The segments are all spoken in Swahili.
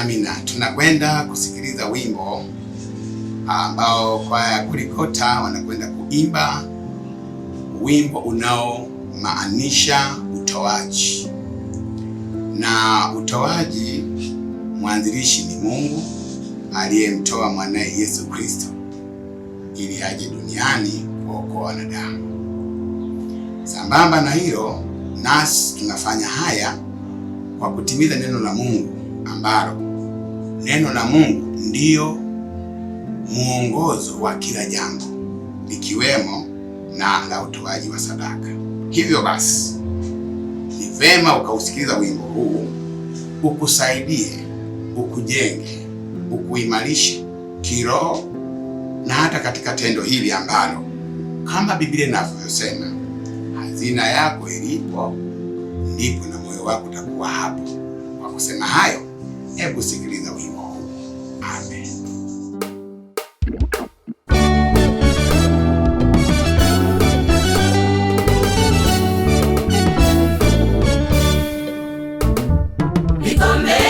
Amina. Tunakwenda kusikiliza wimbo ah, ambao kwaya Kulikota wanakwenda kuimba wimbo unaomaanisha utoaji, na utoaji mwanzilishi ni Mungu aliyemtoa mwanaye Yesu Kristo ili aje duniani kuokoa wanadamu. Sambamba na hilo, nasi tunafanya haya kwa kutimiza neno la Mungu ambalo Neno la Mungu ndiyo muongozo wa kila jambo ikiwemo na la utoaji wa sadaka. Hivyo basi, ni vema ukausikiliza wimbo huu ukusaidie, ukujenge, ukuimarishe kiroho na hata katika tendo hili ambalo kama Biblia inavyosema, hazina yako ilipo ndipo na moyo wako utakuwa hapo. Kwa kusema hayo, hebu Ikombe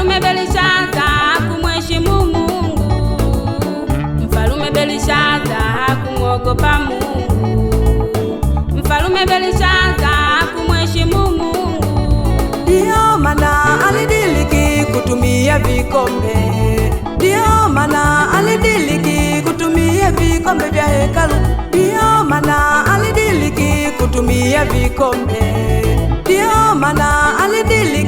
Mfalume Belishaza hakumheshimu Mungu, Mfalume Belishaza hakumwogopa Mungu, Mfalume Belishaza hakumheshimu Mungu. Ndiyo maana alidiliki kutumia vikombe, ndiyo maana alidiliki kutumia vikombe vya hekalu, ndiyo maana alidiliki kutumia vikombe, ndiyo maana alidiliki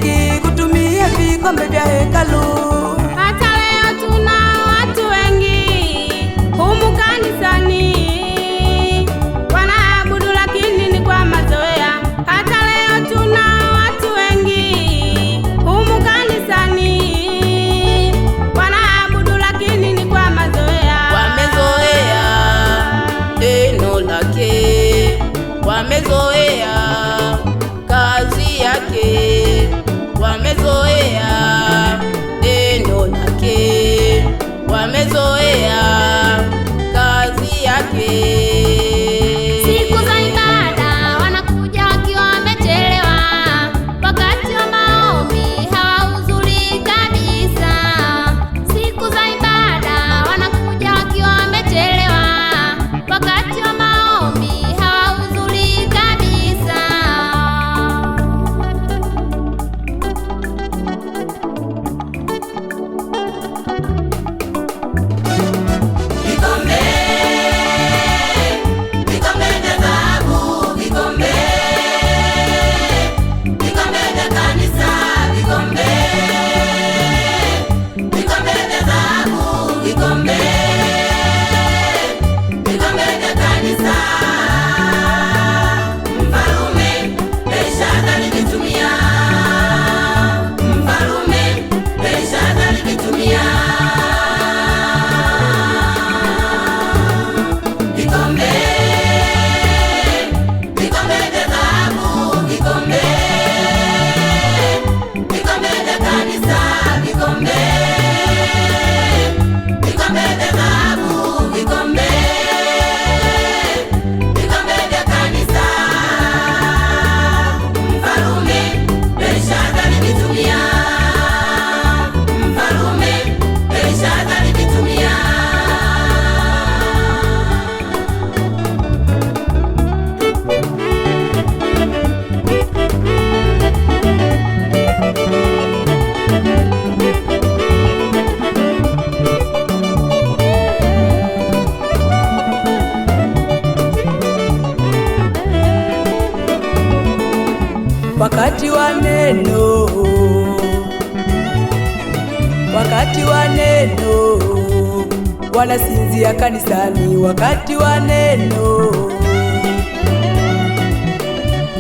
wanasinzia kanisani wakati wa neno,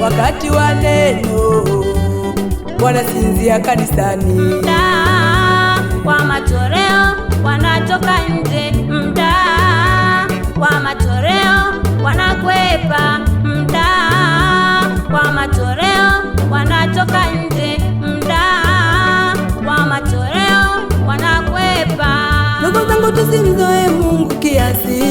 wakati wa neno wanasinzia kanisani. mda kwa matoreo, wanatoka nje, mda kwa matoreo, wanakwepa, mda kwa matoreo, wanatoka nje. usimzoe Mungu kiasi